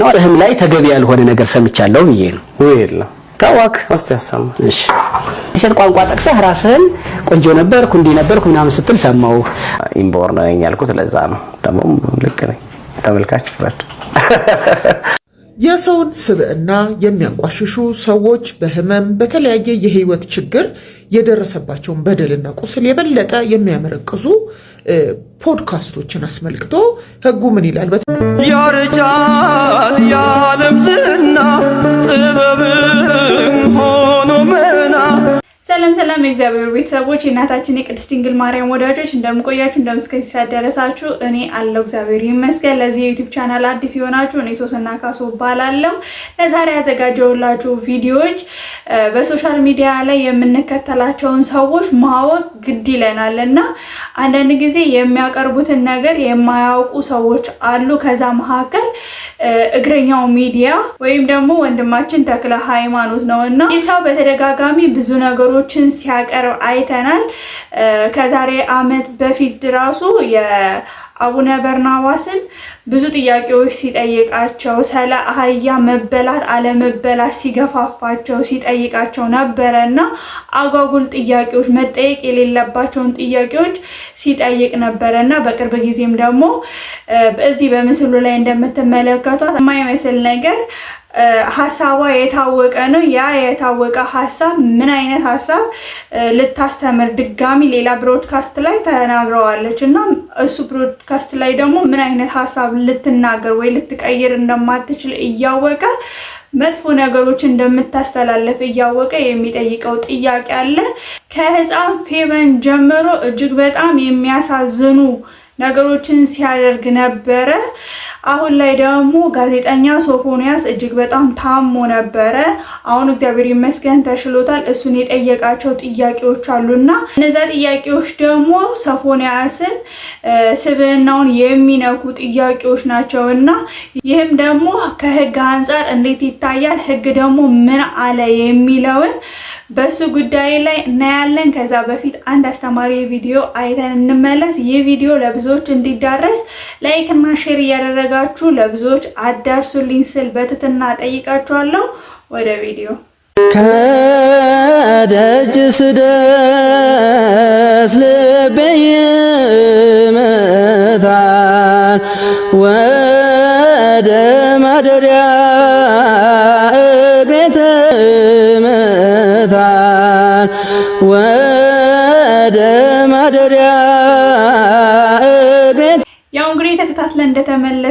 ነው እህም ላይ ተገቢ ያልሆነ ነገር ሰምቻለሁ ብዬ ነው ወይ የለም ታዋክ እስቲ ያሰማ እሺ እሸት ቋንቋ ጠቅሰህ ራስህን ቆንጆ ነበርኩ እንዲህ ነበርኩ ምናምን ስትል ሰማው ኢምቦር ነኝ ያልኩት ለዛ ነው ደግሞ ልክ ነኝ ተመልካች ፍረድ የሰውን ስብዕና የሚያንቋሽሹ ሰዎች በህመም በተለያየ የህይወት ችግር የደረሰባቸውን በደልና ቁስል የበለጠ የሚያመረቅዙ ፖድካስቶችን አስመልክቶ ህጉ ምን ይላል? ያረጃል የዓለም ዝና ጥበብም ሰላም ሰላም የእግዚአብሔር ቤተሰቦች የእናታችን የቅድስት ድንግል ማርያም ወዳጆች እንደምቆያችሁ እንደምስከዚህ ሲያደረሳችሁ እኔ አለው እግዚአብሔር ይመስገን። ለዚህ የዩቲዩብ ቻናል አዲስ የሆናችሁ እኔ ሶስና ካሶ እባላለሁ። ለዛሬ ያዘጋጀሁላችሁ ቪዲዮዎች በሶሻል ሚዲያ ላይ የምንከተላቸውን ሰዎች ማወቅ ግድ ይለናል እና አንዳንድ ጊዜ የሚያቀርቡትን ነገር የማያውቁ ሰዎች አሉ። ከዛ መካከል እግረኛው ሚዲያ ወይም ደግሞ ወንድማችን ተክለ ሃይማኖት ነው እና ይህ ሰው በተደጋጋሚ ብዙ ነገሮች ነገሮችን ሲያቀርብ አይተናል። ከዛሬ ዓመት በፊት ራሱ የአቡነ በርናባስን ብዙ ጥያቄዎች ሲጠይቃቸው ስለ አህያ መበላት አለመበላት ሲገፋፋቸው ሲጠይቃቸው ነበረ እና አጓጉል ጥያቄዎች መጠየቅ የሌለባቸውን ጥያቄዎች ሲጠይቅ ነበረ እና በቅርብ ጊዜም ደግሞ በዚህ በምስሉ ላይ እንደምትመለከቷት የማይመስል ነገር ሀሳቧ የታወቀ ነው። ያ የታወቀ ሀሳብ ምን አይነት ሀሳብ ልታስተምር ድጋሚ ሌላ ብሮድካስት ላይ ተናግረዋለች እና እሱ ብሮድካስት ላይ ደግሞ ምን አይነት ሀሳብ ሀሳብ ልትናገር ወይ ልትቀይር እንደማትችል እያወቀ መጥፎ ነገሮች እንደምታስተላለፍ እያወቀ የሚጠይቀው ጥያቄ አለ። ከህፃን ፌበን ጀምሮ እጅግ በጣም የሚያሳዝኑ ነገሮችን ሲያደርግ ነበረ። አሁን ላይ ደግሞ ጋዜጠኛ ሶፎንያስ እጅግ በጣም ታሞ ነበረ። አሁን እግዚአብሔር ይመስገን ተሽሎታል። እሱን የጠየቃቸው ጥያቄዎች አሉና እነዚያ ጥያቄዎች ደግሞ ሶፎንያስን ስብዕናውን የሚነኩ ጥያቄዎች ናቸው እና ይህም ደግሞ ከህግ አንጻር እንዴት ይታያል፣ ህግ ደግሞ ምን አለ የሚለውን በሱ ጉዳይ ላይ እናያለን። ከዛ በፊት አንድ አስተማሪ ቪዲዮ አይተን እንመለስ። ይህ ቪዲዮ ለብዙዎች እንዲዳረስ ላይክ እና ሼር እያደረጋችሁ ለብዙዎች አዳርሱልኝ ስል በትትና ጠይቃችኋለሁ። ወደ ቪዲዮ ከደጅ ስደስ ልቤይ መታን ወደ ማደሪያ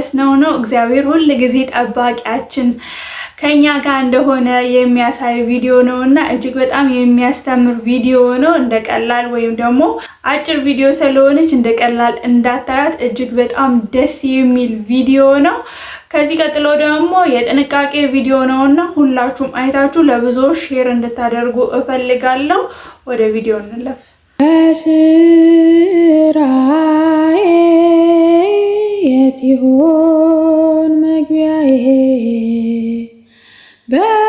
ማለት ነው ነው እግዚአብሔር ሁል ጊዜ ጠባቂያችን ከኛ ጋር እንደሆነ የሚያሳይ ቪዲዮ ነው እና እጅግ በጣም የሚያስተምር ቪዲዮ ነው። እንደ ቀላል ወይም ደግሞ አጭር ቪዲዮ ስለሆነች እንደ ቀላል እንዳታያት። እጅግ በጣም ደስ የሚል ቪዲዮ ነው። ከዚህ ቀጥሎ ደግሞ የጥንቃቄ ቪዲዮ ነው እና ሁላችሁም አይታችሁ ለብዙዎች ሼር እንድታደርጉ እፈልጋለሁ። ወደ ቪዲዮ እንለፍ። የት ይሆን መግቢያዬ በስራዬ?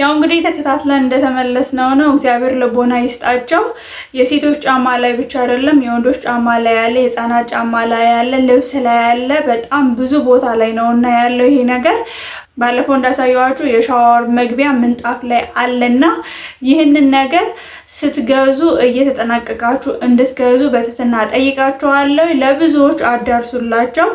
ያው እንግዲህ ተከታትለን እንደተመለስነው ነው። እግዚአብሔር ልቦና ይስጣቸው። የሴቶች ጫማ ላይ ብቻ አይደለም፣ የወንዶች ጫማ ላይ ያለ፣ የህፃናት ጫማ ላይ ያለ፣ ልብስ ላይ ያለ፣ በጣም ብዙ ቦታ ላይ ነው እና ያለው ይሄ ነገር ባለፈው እንዳሳየዋችሁ የሻወር መግቢያ ምንጣፍ ላይ አለና ይህንን ነገር ስትገዙ እየተጠናቀቃችሁ እንድትገዙ በትትና ጠይቃችኋለሁ። ለብዙዎች አዳርሱላቸው።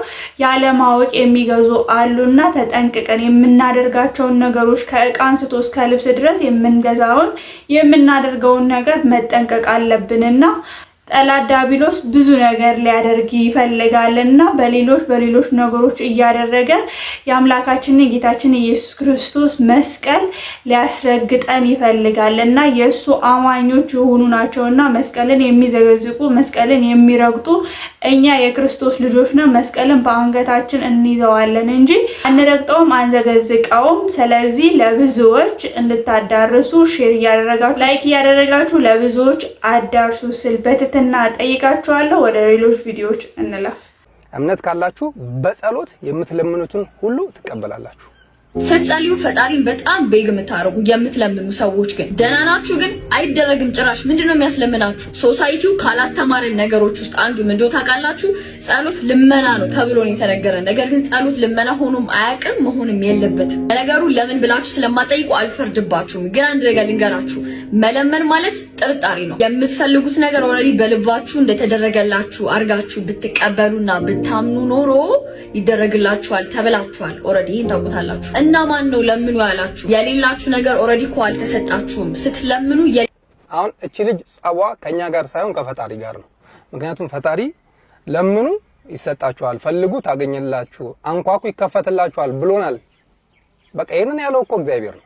ያለማወቅ የሚገዙ አሉና ተጠንቅቀን የምናደርጋቸውን ነገሮች ከእቃ አንስቶ እስከ ልብስ ድረስ የምንገዛውን የምናደርገውን ነገር መጠንቀቅ አለብንና ጠላት ዲያብሎስ ብዙ ነገር ሊያደርግ ይፈልጋል እና በሌሎች በሌሎች ነገሮች እያደረገ የአምላካችንን ጌታችን ኢየሱስ ክርስቶስ መስቀል ሊያስረግጠን ይፈልጋል እና የእሱ አማኞች የሆኑ ናቸው እና መስቀልን የሚዘገዝቁ መስቀልን የሚረግጡ እኛ የክርስቶስ ልጆች ነው። መስቀልን በአንገታችን እንይዘዋለን እንጂ አንረግጠውም፣ አንዘገዝቀውም። ስለዚህ ለብዙዎች እንድታዳርሱ ሼር እያደረጋችሁ ላይክ እያደረጋችሁ ለብዙዎች አዳርሱ ስል በትህትና ጠይቃችኋለሁ። ወደ ሌሎች ቪዲዮዎች እንለፍ። እምነት ካላችሁ በጸሎት የምትለምኑትን ሁሉ ትቀበላላችሁ። ስትጸልዩ ፈጣሪን በጣም ቤግ የምታደርጉ የምትለምኑ ሰዎች ግን ደህና ናችሁ? ግን አይደረግም። ጭራሽ ምንድን ነው የሚያስለምናችሁ? ሶሳይቲው ካላስተማረን ነገሮች ውስጥ አንዱ ምንዶ ታውቃላችሁ? ጸሎት ልመና ነው ተብሎ ነው የተነገረ። ነገር ግን ጸሎት ልመና ሆኖም አያውቅም፣ መሆንም የለበትም። ነገሩ ለምን ብላችሁ ስለማጠይቁ አልፈርድባችሁም። ግን አንድ ነገር ልንገራችሁ፣ መለመን ማለት ጥርጣሬ ነው። የምትፈልጉት ነገር ኦልሬዲ በልባችሁ እንደተደረገላችሁ አድርጋችሁ ብትቀበሉና ብታምኑ ኖሮ ይደረግላችኋል ተብላችኋል። ኦልሬዲ ይህን ታውቁታላችሁ። እና ማን ነው ለምኑ ያላችሁ? የሌላችሁ ነገር ኦልሬዲ እኮ አልተሰጣችሁም። ስትለምኑ አሁን እቺ ልጅ ጸቧ ከኛ ጋር ሳይሆን ከፈጣሪ ጋር ነው። ምክንያቱም ፈጣሪ ለምኑ ይሰጣችኋል፣ ፈልጉ ታገኝላችሁ፣ አንኳኩ ይከፈትላችኋል ብሎናል። በቃ ይሄንን ያለው እኮ እግዚአብሔር ነው።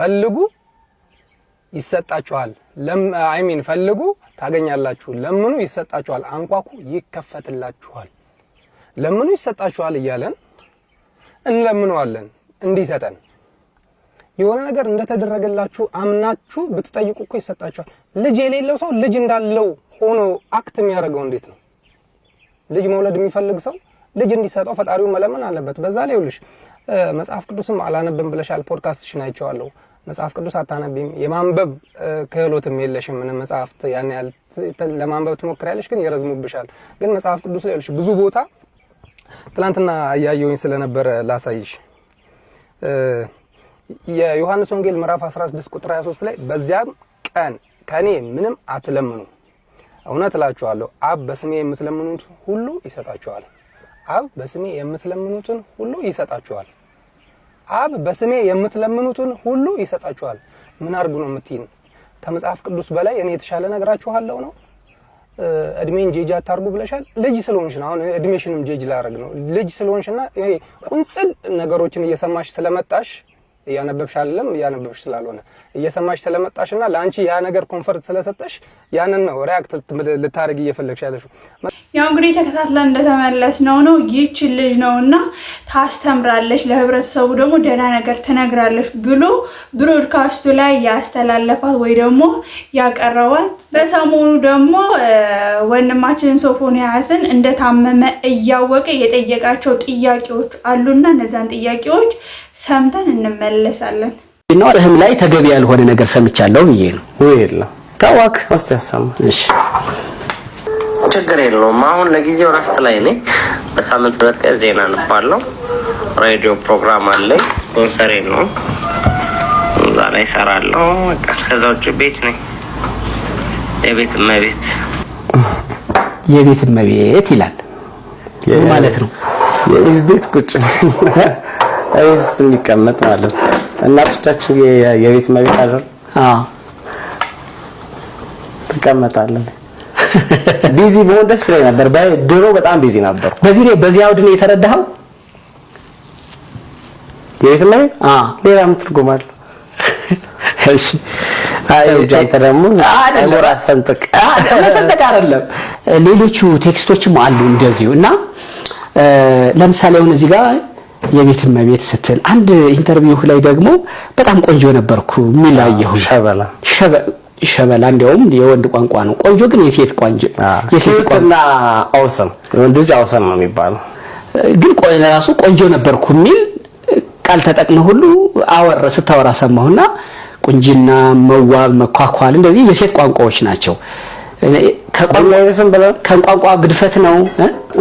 ፈልጉ ይሰጣችኋል፣ አይ ፈልጉ ታገኛላችሁ፣ ለምኑ ይሰጣችኋል፣ አንኳኩ ይከፈትላችኋል፣ ለምኑ ይሰጣችኋል እያለን እንለምነዋለን። እንዲሰጠን የሆነ ነገር እንደተደረገላችሁ አምናችሁ ብትጠይቁ እኮ ይሰጣችኋል። ልጅ የሌለው ሰው ልጅ እንዳለው ሆኖ አክት የሚያደርገው እንዴት ነው? ልጅ መውለድ የሚፈልግ ሰው ልጅ እንዲሰጠው ፈጣሪውን መለመን አለበት። በዛ ላይ ውልሽ መጽሐፍ ቅዱስም አላነብም ብለሻል። ፖድካስትሽን አይቼዋለሁ። መጽሐፍ ቅዱስ አታነቢም፣ የማንበብ ክህሎትም የለሽም። ምንም መጽሐፍት ያን ያህል ለማንበብ ትሞክሪያለሽ፣ ግን ይረዝሙብሻል። ግን መጽሐፍ ቅዱስ ላይ ውልሽ ብዙ ቦታ ትላንትና እያየሁኝ ስለነበረ ላሳይሽ የዮሐንስ ወንጌል ምዕራፍ 16 ቁጥር 23 ላይ በዚያም ቀን ከኔ ምንም አትለምኑ፣ እውነት እላችኋለሁ አብ በስሜ የምትለምኑት ሁሉ ይሰጣችኋል። አብ በስሜ የምትለምኑትን ሁሉ ይሰጣችኋል። አብ በስሜ የምትለምኑትን ሁሉ ይሰጣችኋል። ምን አድርጉ ነው የምትይን? ከመጽሐፍ ቅዱስ በላይ እኔ የተሻለ ነግራችኋለሁ ነው እድሜን ጄጅ አታርጉ ብለሻል። ልጅ ስለሆንሽ ነው። አሁን እድሜሽንም ጄጅ ላደርግ ነው። ልጅ ስለሆንሽና ይሄ ቁንጽል ነገሮችን እየሰማሽ ስለመጣሽ እያነበብሽ አይደለም፣ እያነበብሽ ስላልሆነ እየሰማሽ ስለመጣሽ ና ለአንቺ ያ ነገር ኮንፈርት ስለሰጠሽ ያንን ነው ሪያክት ልታደርግ እየፈለግሽ ያለሽ። ያው እንግዲህ ተከታትለን እንደተመለስ ነው ነው ይህች ልጅ ነው እና ታስተምራለች፣ ለህብረተሰቡ ደግሞ ደህና ነገር ትነግራለች ብሎ ብሮድካስቱ ላይ ያስተላለፋት ወይ ደግሞ ያቀረባት። በሰሞኑ ደግሞ ወንድማችን ሶፎንያስን እንደታመመ እያወቀ የጠየቃቸው ጥያቄዎች አሉና እነዛን ጥያቄዎች ሰምተን እንመለሳለን። ነው ህም ላይ ተገቢ ያልሆነ ነገር ሰምቻለሁ ብዬ ነው ወይ የለም ታዋክ እስቲ ያሰማ እሺ ችግር የለውም አሁን ለጊዜው ረፍት ላይ ነኝ በሳምንት ሁለት ቀን ዜና አነባለሁ ሬዲዮ ፕሮግራም አለኝ ስፖንሰር ነው። እዛ ላይ እሰራለሁ ከዛ ውጭ ቤት ነኝ የቤት እመቤት የቤት እመቤት ይላል ማለት ነው የቤት ቁጭ ቤት የሚቀመጥ ማለት ነው እናቶቻችን የቤት መቤት አይደል? አዎ ትቀመጣለን። ቢዚ በሆን ደስ ይለኝ ነበር። ድሮ በጣም ቢዚ ነበር። በዚህ ላይ በዚህ አውድ ነው የተረዳኸው? የቤት መቤት አዎ። ሌላ ምን እሺ አይ አንተ ደግሞ አይሞራ ሰንጥቅ ሰንጥቅ አይደለም። ሌሎቹ ቴክስቶችም አሉ እንደዚሁ እና ለምሳሌ አሁን እዚህ ጋር የቤት እመቤት ስትል አንድ ኢንተርቪው ላይ ደግሞ በጣም ቆንጆ ነበርኩ የሚል አየሁ። ሸበላ ሸበላ እንዲያውም የወንድ ቋንቋ ነው። ቆንጆ ግን የሴት ቋንጆ የሴትና አውሰም ወንድ ልጅ አውሰም ነው የሚባለው። ግን ራሱ ቆንጆ ነበርኩ የሚል ቃል ተጠቅመ ሁሉ አወር ስታወራ ሰማሁና ቁንጅና፣ መዋብ፣ መኳኳል እንደዚህ የሴት ቋንቋዎች ናቸው። ከቋንቋ ግድፈት ነው።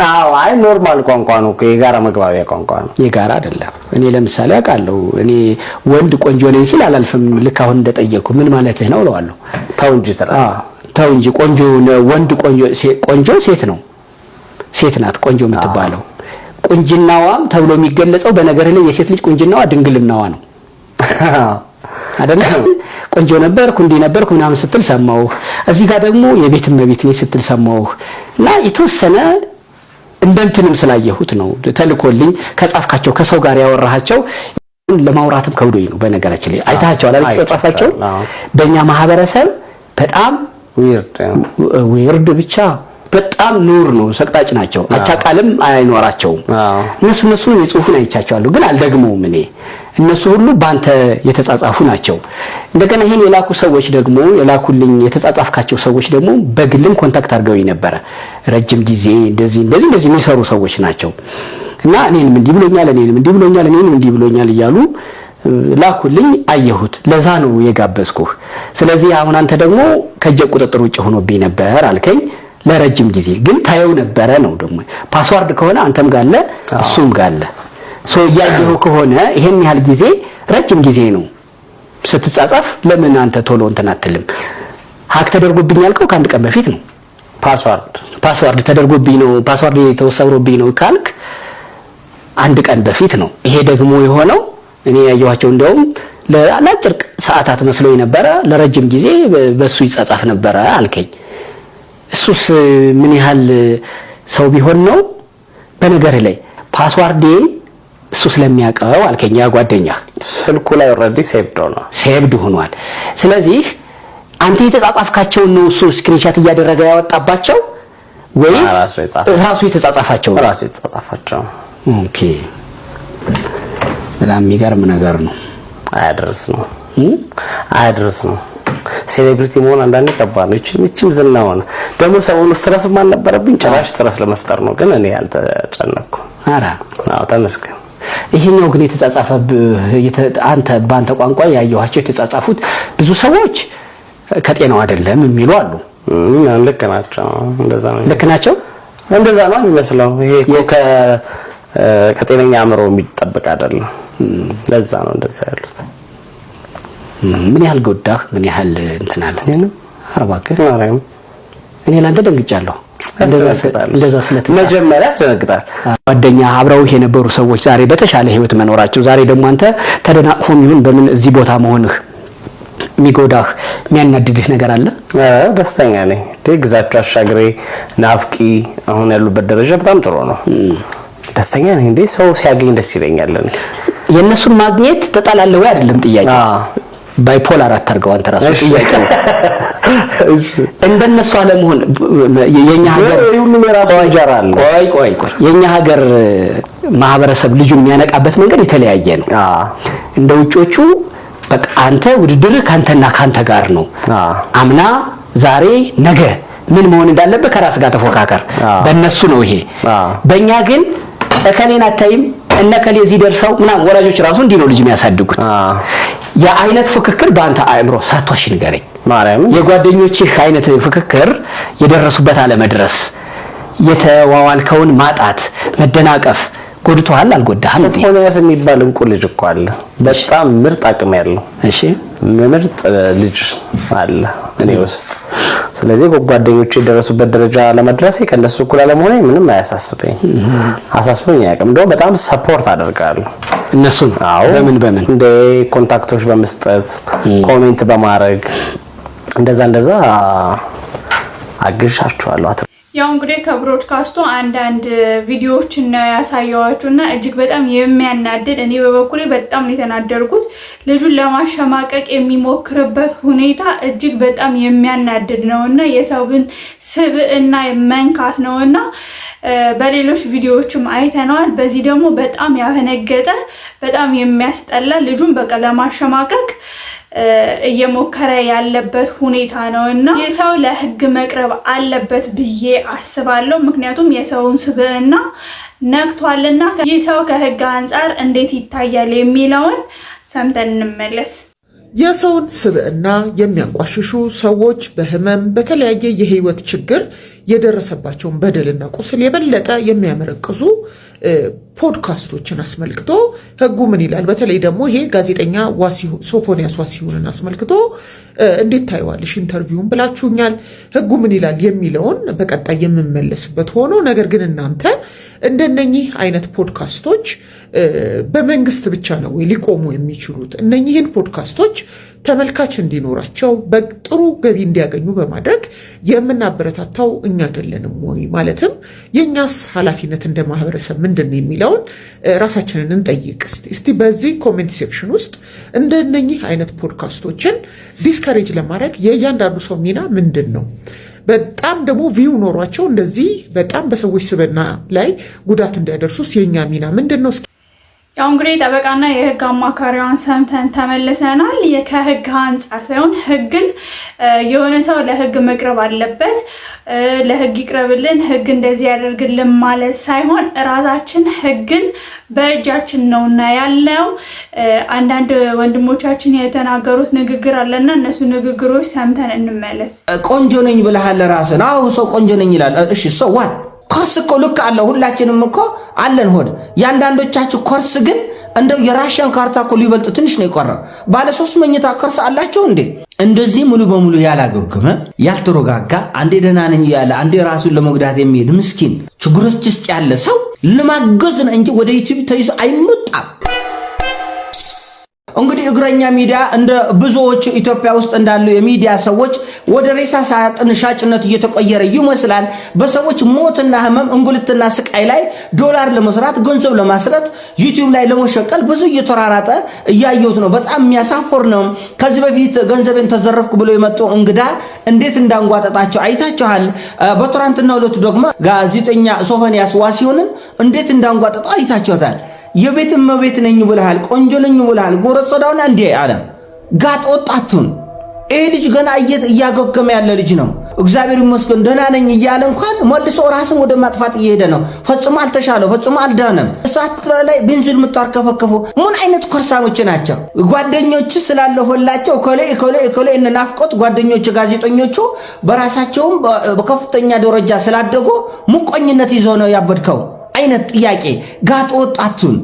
አዎ አይ ኖርማል ቋንቋ ነው፣ የጋራ መግባቢያ ቋንቋ ነው። የጋራ አይደለም። እኔ ለምሳሌ አውቃለሁ። እኔ ወንድ ቆንጆ ነኝ ሲል አላልፍም። ልክ አሁን እንደጠየቅኩ ምን ማለትህ ነው እለዋለሁ። ተው እንጂ ስራ ተው እንጂ ቆንጆ ወንድ ቆንጆ ቆንጆ ሴት ነው፣ ሴት ናት ቆንጆ የምትባለው። ቁንጅናዋም ተብሎ የሚገለጸው በነገር ላይ የሴት ልጅ ቁንጅናዋ ድንግልናዋ ነው አይደለ? ቆንጆ ነበርኩ እንዲህ ነበርኩ ምናምን ስትል ሰማሁህ። እዚህ ጋር ደግሞ የቤት እመቤት ነኝ ስትል ሰማሁህ እና የተወሰነ እንደምትንም ስላየሁት ነው ተልኮልኝ ከጻፍካቸው ከሰው ጋር ያወራሃቸው ለማውራትም ከብዶኝ ነው። በነገራችን ላይ አይታቸዋል አለ ጻፋቸው በእኛ ማህበረሰብ በጣም ዊርድ ብቻ በጣም ኑር ነው። ሰቅጣጭ ናቸው። አቻ ቃልም አይኖራቸውም። እነሱ እነሱ የጽሁፉን አይቻቸዋለሁ ግን አልደግመውም እኔ እነሱ ሁሉ ባንተ የተጻጻፉ ናቸው። እንደገና ይህን የላኩ ሰዎች ደግሞ የላኩልኝ የተጻጻፍካቸው ሰዎች ደግሞ በግልም ኮንታክት አድርገው ነበረ። ረጅም ጊዜ እንደዚህ እንደዚህ እንደዚህ የሚሰሩ ሰዎች ናቸው እና እኔንም እንዲህ ብሎኛል፣ እኔንም እንዲህ ብሎኛል፣ እኔንም እንዲህ ብሎኛል እያሉ ላኩልኝ፣ አየሁት። ለዛ ነው የጋበዝኩህ። ስለዚህ አሁን አንተ ደግሞ ከእጄ ቁጥጥር ውጭ ሆኖብኝ ነበር አልከኝ። ለረጅም ጊዜ ግን ታየው ነበረ ነው ደግሞ ፓስዋርድ ከሆነ አንተም ጋለ እሱም ጋለ ሰው እያየሁ ከሆነ ይሄን ያህል ጊዜ ረጅም ጊዜ ነው ስትጻጻፍ፣ ለምን አንተ ቶሎ እንትን አትልም? ሀክ ተደርጎብኝ ያልከው ከአንድ ቀን በፊት ነው። ፓስዋርድ ፓስዋርድ ተደርጎብኝ ነው ፓስዋርድ የተወሰብሮብኝ ነው ካልክ አንድ ቀን በፊት ነው። ይሄ ደግሞ የሆነው እኔ ያየኋቸው እንደውም ለአጭር ሰዓታት መስሎኝ ነበረ፣ ለረጅም ጊዜ በሱ ይጻጻፍ ነበረ አልከኝ። እሱስ ምን ያህል ሰው ቢሆን ነው? በነገር ላይ ፓስዋርዴን እሱ ስለሚያውቀው አልከኛ ጓደኛ ስልኩ ላይ ኦልሬዲ ሴቭድ ሆኗል፣ ሴቭድ ሆኗል። ስለዚህ አንተ የተጻጻፍካቸው ነው እሱ ስክሪንሻት እያደረገ ያወጣባቸው ወይስ ራሱ የተጻጻፋቸው? ራሱ የተጻጻፋቸው። ኦኬ፣ በጣም የሚገርም ነገር ነው። አያድርስ ነው አያድርስ ነው። ሴሌብሪቲ መሆን አንዳንዴ ከባድ ነው። እቺም እቺም ዝና ሆነ ደግሞ ሰውን ስትረስ ማን ነበረብኝ ጭራሽ ስትረስ ለመፍጠር ነው። ግን እኔ አልተጨነቅኩም። ኧረ አዎ ተመስገን። ይሄኛው ግን የተጻጻፈ አንተ በአንተ ቋንቋ ያየኋቸው የተጻጻፉት ብዙ ሰዎች ከጤናው አይደለም የሚሉ አሉ። ልክ ናቸው። እንደዛ ነው። ልክ ናቸው። እንደዛ ነው የሚመስለው። ይሄ እኮ ከጤነኛ አእምሮ የሚጠበቅ አይደለም። ለዛ ነው እንደዛ ያሉት። ምን ያህል ጎዳህ? ምን ያህል እንትን አረባከ አረም እኔ ላንተ ደንግጫለሁ። መጀመሪያ ያስደነግጣል። ጓደኛ አብረውህ የነበሩ ሰዎች ዛሬ በተሻለ ህይወት መኖራቸው፣ ዛሬ ደግሞ አንተ ተደናቅፎም ይሁን በምን እዚህ ቦታ መሆንህ የሚጎዳህ የሚያናድድህ ነገር አለ? ደስተኛ ነኝ። ግዛቸው አሻግሬ ናፍቂ አሁን ያሉበት ደረጃ በጣም ጥሩ ነው። ደስተኛ ነኝ። እንዴ ሰው ሲያገኝ ደስ ይለኛል። የእነሱን ማግኘት ተጣላለ ወይ አይደለም ጥያቄ ባይፖላር አታርገው አንተ ራሱ ጥያቄ እንደነሱ አለመሆን የኛ ሀገር ሁሉም የራሱ እንጀራ አለ። ቆይ ቆይ ቆይ የኛ ሀገር ማህበረሰብ ልጁን የሚያነቃበት መንገድ የተለያየ ነው። እንደ ውጮቹ በቃ አንተ ውድድር ካንተና ካንተ ጋር ነው። አምና ዛሬ ነገ ምን መሆን እንዳለበት ከራስ ጋር ተፎካከር። በእነሱ ነው ይሄ። በእኛ ግን እከሌን አታይም እነ ከሌ እዚህ ደርሰው ምናምን ወላጆች ራሱ እንዲህ ነው ልጅ የሚያሳድጉት። የአይነት ፍክክር በአንተ አእምሮ ሳቷሽ ንገረኝ። ማርያም፣ የጓደኞችህ አይነት ፍክክር የደረሱበት አለመድረስ፣ የተዋዋልከውን ማጣት፣ መደናቀፍ ጎድቶሃል አልጎዳህም። ሶፎንያስ የሚባል እንቁ ልጅ እኮ አለ። በጣም ምርጥ አቅም ያለው እሺ፣ ምርጥ ልጅ አለ እኔ ውስጥ። ስለዚህ ጓደኞቼ የደረሱበት ደረጃ ለመድረሴ ከእነሱ እኩል አለመሆኔ ምንም አያሳስበኝ፣ አሳስበኝ አያውቅም። እንደውም በጣም ሰፖርት አደርጋለሁ እነሱን። አዎ፣ በምን በምን እንደ ኮንታክቶች በመስጠት ኮሜንት በማድረግ እንደዛ እንደዛ አግዣቸዋለሁ። ያው እንግዲህ ከብሮድካስቱ አንዳንድ ቪዲዮዎችን ነው ያሳየዋችሁ እና እጅግ በጣም የሚያናድድ እኔ በበኩሌ በጣም ነው የተናደርኩት። ልጁን ለማሸማቀቅ የሚሞክርበት ሁኔታ እጅግ በጣም የሚያናድድ ነው እና የሰውን ስብዕና መንካት ነው እና በሌሎች ቪዲዮዎችም አይተነዋል። በዚህ ደግሞ በጣም ያፈነገጠ በጣም የሚያስጠላ ልጁን በቃ ለማሸማቀቅ እየሞከረ ያለበት ሁኔታ ነው እና ይህ ሰው ለህግ መቅረብ አለበት ብዬ አስባለሁ። ምክንያቱም የሰውን ስብዕና ነክቷልና ይህ ሰው ከህግ አንጻር እንዴት ይታያል የሚለውን ሰምተን እንመለስ። የሰውን ስብዕና የሚያንቋሽሹ ሰዎች በህመም በተለያየ የህይወት ችግር የደረሰባቸውን በደልና ቁስል የበለጠ የሚያመረቅዙ ፖድካስቶችን አስመልክቶ ህጉ ምን ይላል? በተለይ ደግሞ ይሄ ጋዜጠኛ ሶፎንያስ ዋሲሁንን አስመልክቶ እንዴት ታየዋለሽ? ኢንተርቪውን ብላችሁኛል። ህጉ ምን ይላል የሚለውን በቀጣይ የምመለስበት ሆኖ ነገር ግን እናንተ እንደነኚህ አይነት ፖድካስቶች በመንግስት ብቻ ነው ሊቆሙ የሚችሉት እነኚህን ፖድካስቶች ተመልካች እንዲኖራቸው በጥሩ ገቢ እንዲያገኙ በማድረግ የምናበረታታው እኛ አይደለንም ወይ? ማለትም የእኛስ ኃላፊነት እንደ ማህበረሰብ ምንድን የሚለውን ራሳችንን እንጠይቅ። እስቲ በዚህ ኮሜንት ሴክሽን ውስጥ እንደነኚህ አይነት ፖድካስቶችን ዲስከሬጅ ለማድረግ የእያንዳንዱ ሰው ሚና ምንድን ነው? በጣም ደግሞ ቪው ኖሯቸው እንደዚህ በጣም በሰዎች ስብዕና ላይ ጉዳት እንዳይደርሱስ የእኛ ሚና ምንድን ነው? ያው እንግዲህ ጠበቃና የህግ አማካሪዋን ሰምተን ተመልሰናል። ከህግ አንጻር ሳይሆን ህግን የሆነ ሰው ለህግ መቅረብ አለበት፣ ለህግ ይቅረብልን፣ ህግ እንደዚህ ያደርግልን ማለት ሳይሆን እራሳችን ህግን በእጃችን ነውና ያለው። አንዳንድ ወንድሞቻችን የተናገሩት ንግግር አለና እነሱ ንግግሮች ሰምተን እንመለስ። ቆንጆ ነኝ ብለሃል ራስን። አዎ ሰው ቆንጆ ነኝ ይላል። እሺ ሰው ዋት ኮርስ እኮ ልክ አለ። ሁላችንም እኮ አለን ሆድ። የአንዳንዶቻችሁ ኮርስ ግን እንደው የራሽያን ካርታ እኮ ሊበልጥ ትንሽ ነው የቆረ። ባለ ሶስት መኝታ ኮርስ አላቸው እንዴ! እንደዚህ ሙሉ በሙሉ ያላገገመ ያልተረጋጋ፣ አንዴ ደህና ነኝ ያለ አንዴ ራሱን ለመጉዳት የሚሄድ ምስኪን ችግሮች ውስጥ ያለ ሰው ነው እንጂ ወደ ዩቲዩብ ተይዞ አይመጣም። እንግዲህ እግረኛ ሚዲያ እንደ ብዙዎቹ ኢትዮጵያ ውስጥ እንዳሉ የሚዲያ ሰዎች ወደ ሬሳ ሳጥን ሻጭነት እየተቀየረ ይመስላል። በሰዎች ሞትና ህመም እንጉልትና ስቃይ ላይ ዶላር ለመስራት ገንዘብ ለማስረት ዩቲዩብ ላይ ለመሸቀል ብዙ እየተራራጠ እያየሁት ነው። በጣም የሚያሳፍር ነው። ከዚህ በፊት ገንዘቤን ተዘረፍኩ ብሎ የመጡ እንግዳ እንዴት እንዳንጓጠጣቸው አይታችኋል። በትናንትናው ሁለቱ ደግሞ ጋዜጠኛ ሶፈንያስ ዋሲሁንን እንዴት እንዳንጓጠጣ አይታችኋታል። የቤት እመቤት ነኝ ብልሃል፣ ቆንጆ ነኝ ብልሃል። ጎረድ ሶዳውና እንዲህ አለ። ጋጥ ወጣቱን ይህ ልጅ ገና እየት እያገገመ ያለ ልጅ ነው። እግዚአብሔር ይመስገን ደህና ነኝ እያለ እንኳን መልሶ ራስን ወደ ማጥፋት እየሄደ ነው። ፈጽሞ አልተሻለው፣ ፈጽሞ አልዳነም። እሳት ላይ ቤንዚን ምጣድ ምን አይነት ኮርሳሞች ናቸው? ጓደኞች ስላለፈላቸው እኮሌ እኮሌ እኮሌ ናፍቆት ጓደኞቹ ጋዜጠኞቹ በራሳቸውም በከፍተኛ ደረጃ ስላደጉ ሙቆኝነት ይዞ ነው ያበድከው። አይነት ጥያቄ ጋጥ ወጣቱን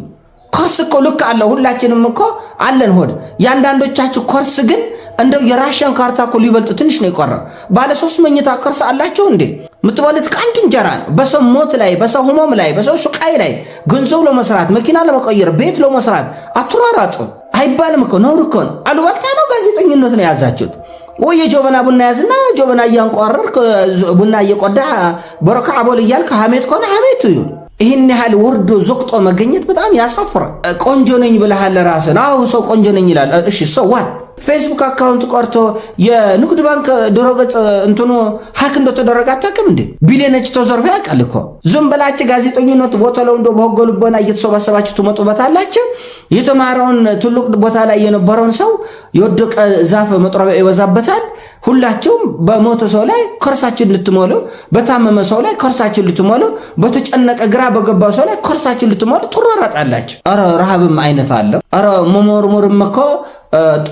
ኮርስ እኮ ልክ አለ። ሁላችንም እኮ አለን ሆድ። የአንዳንዶቻችሁ ኮርስ ግን እንደው የራሽያን ካርታ እኮ ሊበልጥ ትንሽ ነው የቆረ። ባለ ሶስት መኝታ ኮርስ አላችሁ እንዴ? የምትበሉት ከአንድ እንጀራ ነው። በሰው ሞት ላይ፣ በሰው ህመም ላይ፣ በሰው ስቃይ ላይ ገንዘብ ለመስራት መኪና ለመቀየር ቤት ለመስራት አትሯሯጡ አይባልም እኮ ነውር እኮ ነው። አሉባልታ ነው፣ ጋዜጠኝነት ነው የያዛችሁት። ወይ የጆበና ቡና ያዝና ጆበና እያንቋረር ቡና እየቆዳ በረካ አቦል እያልክ ሐሜት ከሆነ ሐሜቱ ይሁን ይህን ያህል ወርዶ ዘቅጦ መገኘት በጣም ያሳፍራል። ቆንጆ ነኝ ብለሃል ራስን። አዎ ሰው ቆንጆ ነኝ ይላል። እሺ ሰው ዋት ፌስቡክ አካውንት ቆርቶ የንግድ ባንክ ድረገጽ እንትኑ ሀክ እንደተደረገ አታውቅም እንዴ? ቢሊዮኖች ተዘርፎ ያውቃል እኮ። ዝም በላች ጋዜጠኝነት ቦታ ላይ እንደ በሆገ ልቦና እየተሰባሰባችሁ ትመጡበታላችሁ። የተማረውን ትልቅ ቦታ ላይ የነበረውን ሰው የወደቀ ዛፍ መጥረቢያ ይበዛበታል። ሁላችሁም በሞተ ሰው ላይ ኮርሳችን ልትሞሉ፣ በታመመ ሰው ላይ ኮርሳችን ልትሞሉ፣ በተጨነቀ ግራ በገባው ሰው ላይ ከርሳችሁን ልትሞሉ ትሮረጣላችሁ። ኧረ ረሃብም አይነት አለው። ኧረ መሞርሞርም እኮ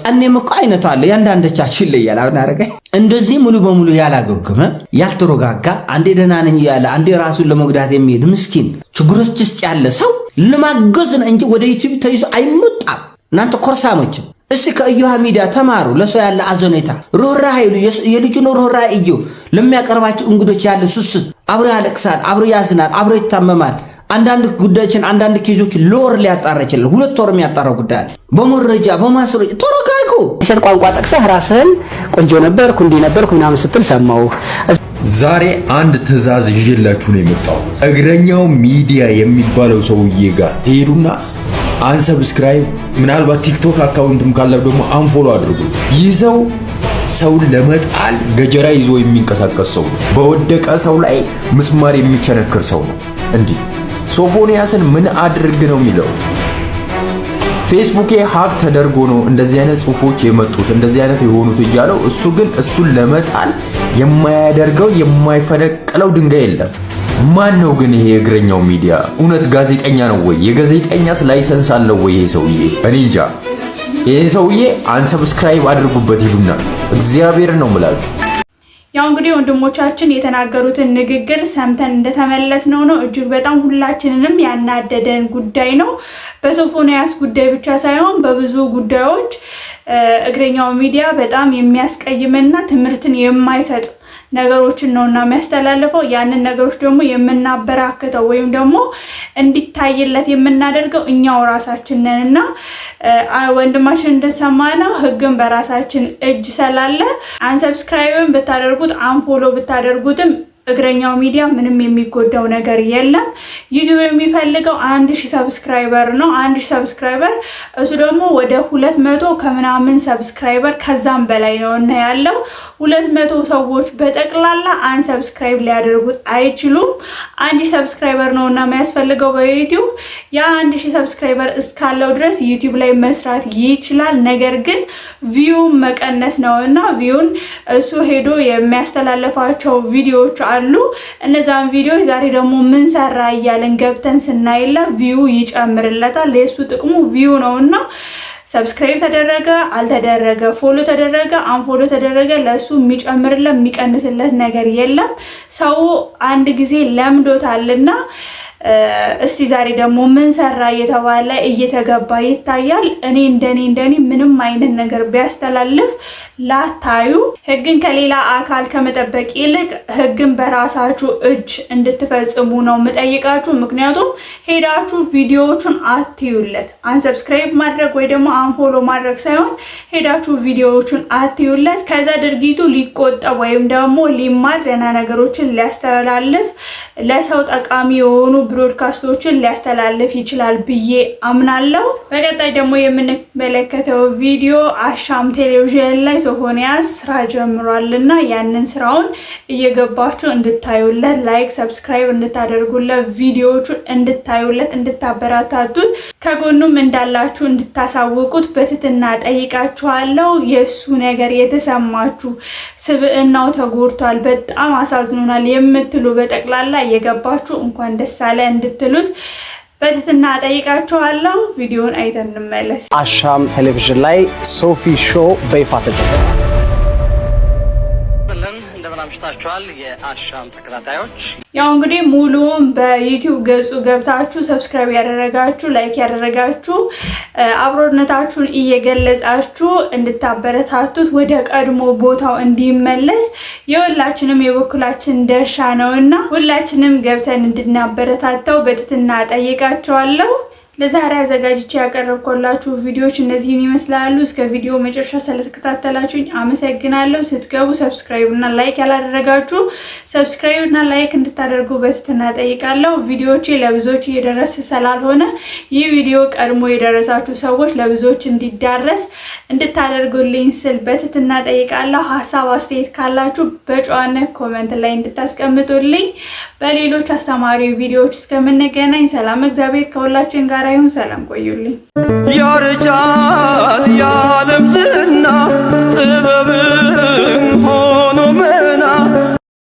ጠኔም እኮ አይነት አለ። ያንዳንዶቻችን ይለያል። አሁን አረገ እንደዚህ ሙሉ በሙሉ ያላገገመ ያልተረጋጋ፣ አንዴ ደህና ነኝ ያለ አንዴ ራሱን ለመጉዳት የሚሄድ ምስኪን ችግሮች ውስጥ ያለ ሰው ለማገዝ እንጂ ወደ ዩቲዩብ ተይዞ አይመጣም። እናንተ ኮርሳሞች እስቲ ከእዮሃ ሚዲያ ተማሩ። ለሰው ያለ አዘኔታ ሩህራህ ይሉ የልጁን ሩህራህ እዩ። ለሚያቀርባቸው እንግዶች ያለ ሱስት አብሮ ያለቅሳል፣ አብሮ ያዝናል፣ አብሮ ይታመማል። አንዳንድ ጉዳዮችን አንዳንድ ኬዞች ለወር ሊያጣራ ይችላል። ሁለት ወር የሚያጣራው ጉዳይ በመረጃ በማስረጃ ተረጋጉ። የሰት ቋንቋ ጠቅሰህ ራስህን ቆንጆ ነበርኩ እንዲህ ነበርኩ ምናምን ስትል ሰማሁ። ዛሬ አንድ ትዕዛዝ ይዤላችሁ ነው የመጣው። እግረኛው ሚዲያ የሚባለው ሰውዬ ጋር ትሄዱና አንሰብስክራይብ፣ ምናልባት ቲክቶክ አካውንትም ካለ ደግሞ አንፎሎ አድርጉ። ይህ ሰው ሰውን ለመጣል ገጀራ ይዞ የሚንቀሳቀስ ሰው ነው። በወደቀ ሰው ላይ ምስማር የሚቸነክር ሰው ነው። እንዲህ ሶፎንያስን ምን አድርግ ነው የሚለው? ፌስቡኬ ሀክ ተደርጎ ነው እንደዚህ አይነት ጽሁፎች የመጡት እንደዚህ አይነት የሆኑት እያለው እሱ ግን እሱን ለመጣል የማያደርገው የማይፈነቅለው ድንጋይ የለም። ማን ነው ግን ይሄ የእግረኛው ሚዲያ? እውነት ጋዜጠኛ ነው ወይ? የጋዜጠኛስ ላይሰንስ አለው ወይ ይሄ ሰውዬ? እኔ እንጃ። ሰውዬ አንሰብስክራይብ አድርጉበት ይሉና እግዚአብሔር ነው ምላችሁ። ያው እንግዲህ ወንድሞቻችን የተናገሩትን ንግግር ሰምተን እንደተመለስነው ነው እጅግ በጣም ሁላችንንም ያናደደን ጉዳይ ነው። በሶፎንያስ ጉዳይ ብቻ ሳይሆን በብዙ ጉዳዮች እግረኛው ሚዲያ በጣም የሚያስቀይምና ትምህርትን የማይሰጥ ነገሮችን ነው እና የሚያስተላልፈው። ያንን ነገሮች ደግሞ የምናበራክተው ወይም ደግሞ እንዲታይለት የምናደርገው እኛው ራሳችን ነን እና ወንድማችን ነው ህግን በራሳችን እጅ ስላለ አንሰብስክራይብን ብታደርጉት አንፎሎ ብታደርጉትም እግረኛው ሚዲያ ምንም የሚጎዳው ነገር የለም። ዩቲዩብ የሚፈልገው አንድ ሺህ ሰብስክራይበር ነው። አንድ ሺህ ሰብስክራይበር እሱ ደግሞ ወደ ሁለት መቶ ከምናምን ሰብስክራይበር ከዛም በላይ ነው እና ያለው ሁለት መቶ ሰዎች በጠቅላላ አንድ ሰብስክራይብ ሊያደርጉት አይችሉም። አንድ ሺህ ሰብስክራይበር ነው እና የሚያስፈልገው በዩቲዩብ ያ አንድ ሺህ ሰብስክራይበር እስካለው ድረስ ዩቲዩብ ላይ መስራት ይችላል። ነገር ግን ቪዩ መቀነስ ነው እና ቪዩን እሱ ሄዶ የሚያስተላለፋቸው ቪዲዮዎች አሉ። እነዛን ቪዲዮ ዛሬ ደግሞ ምን ሰራ እያለን ገብተን ስናይላ ቪዩ ይጨምርለታል። የእሱ ጥቅሙ ቪዩ ነውና ሰብስክራይብ ተደረገ አልተደረገ፣ ፎሎ ተደረገ አንፎሎ ተደረገ፣ ለእሱ የሚጨምርለት የሚቀንስለት ነገር የለም። ሰው አንድ ጊዜ ለምዶታልና እስቲ ዛሬ ደግሞ ምን ሰራ እየተባለ እየተገባ ይታያል። እኔ እንደኔ እንደኔ ምንም አይነት ነገር ቢያስተላልፍ ላታዩ ህግን ከሌላ አካል ከመጠበቅ ይልቅ ህግን በራሳችሁ እጅ እንድትፈጽሙ ነው የምጠይቃችሁ። ምክንያቱም ሄዳችሁ ቪዲዮዎቹን አትዩለት፣ አንሰብስክራይብ ማድረግ ወይ ደግሞ አንፎሎ ማድረግ ሳይሆን ሄዳችሁ ቪዲዮዎቹን አትዩለት። ከዛ ድርጊቱ ሊቆጠብ ወይም ደግሞ ሊማር ደህና ነገሮችን ሊያስተላልፍ ለሰው ጠቃሚ የሆኑ ብሮድካስቶችን ሊያስተላልፍ ይችላል ብዬ አምናለሁ። በቀጣይ ደግሞ የምንመለከተው ቪዲዮ አሻም ቴሌቪዥን ላይ ሶፎንያስ ስራ ጀምሯል እና ያንን ስራውን እየገባችሁ እንድታዩለት ላይክ፣ ሰብስክራይብ እንድታደርጉለት ቪዲዮቹ እንድታዩለት እንድታበረታቱት ከጎኑም እንዳላችሁ እንድታሳውቁት በትትና ጠይቃችኋለሁ። የእሱ ነገር የተሰማችሁ ስብዕናው ተጎድቷል፣ በጣም አሳዝኖናል የምትሉ በጠቅላላ እየገባችሁ እንኳን ደሳል አለ እንድትሉት በትትና ጠይቃችኋለሁ። ቪዲዮን አይተን እንመለስ። አሻም ቴሌቪዥን ላይ ሶፊ ሾው በይፋ ተጀምሯል። አምሽታችኋል የአሻም ተከታታዮች። ያው እንግዲህ ሙሉውን በዩቲዩብ ገጹ ገብታችሁ ሰብስክራይብ ያደረጋችሁ ላይክ ያደረጋችሁ አብሮነታችሁን እየገለጻችሁ እንድታበረታቱት ወደ ቀድሞ ቦታው እንዲመለስ የሁላችንም የበኩላችን ድርሻ ነውና ሁላችንም ገብተን እንድናበረታተው በትትና ጠይቃቸዋለሁ። ለዛሬ አዘጋጅቼ ያቀረብኩላችሁ ቪዲዮዎች እነዚህን ይመስላሉ። እስከ ቪዲዮ መጨረሻ ስለተከታተላችሁኝ አመሰግናለሁ። ስትገቡ ሰብስክራይብ እና ላይክ ያላደረጋችሁ ሰብስክራይብ እና ላይክ እንድታደርጉ በትህትና ጠይቃለሁ። ቪዲዮዎቼ ለብዙዎች እየደረሰ ስላልሆነ ይህ ቪዲዮ ቀድሞ የደረሳችሁ ሰዎች ለብዙዎች እንዲዳረስ እንድታደርጉልኝ ስል በትህትና ጠይቃለሁ። ሀሳብ አስተያየት ካላችሁ በጨዋነት ኮመንት ላይ እንድታስቀምጡልኝ። በሌሎች አስተማሪ ቪዲዮዎች እስከምንገናኝ ሰላም፣ እግዚአብሔር ከሁላችን ጋር ጋር ይሁን። ሰላም ቆዩልኝ። ያረጃል የዓለም ዝና ጥበብም ሆኖ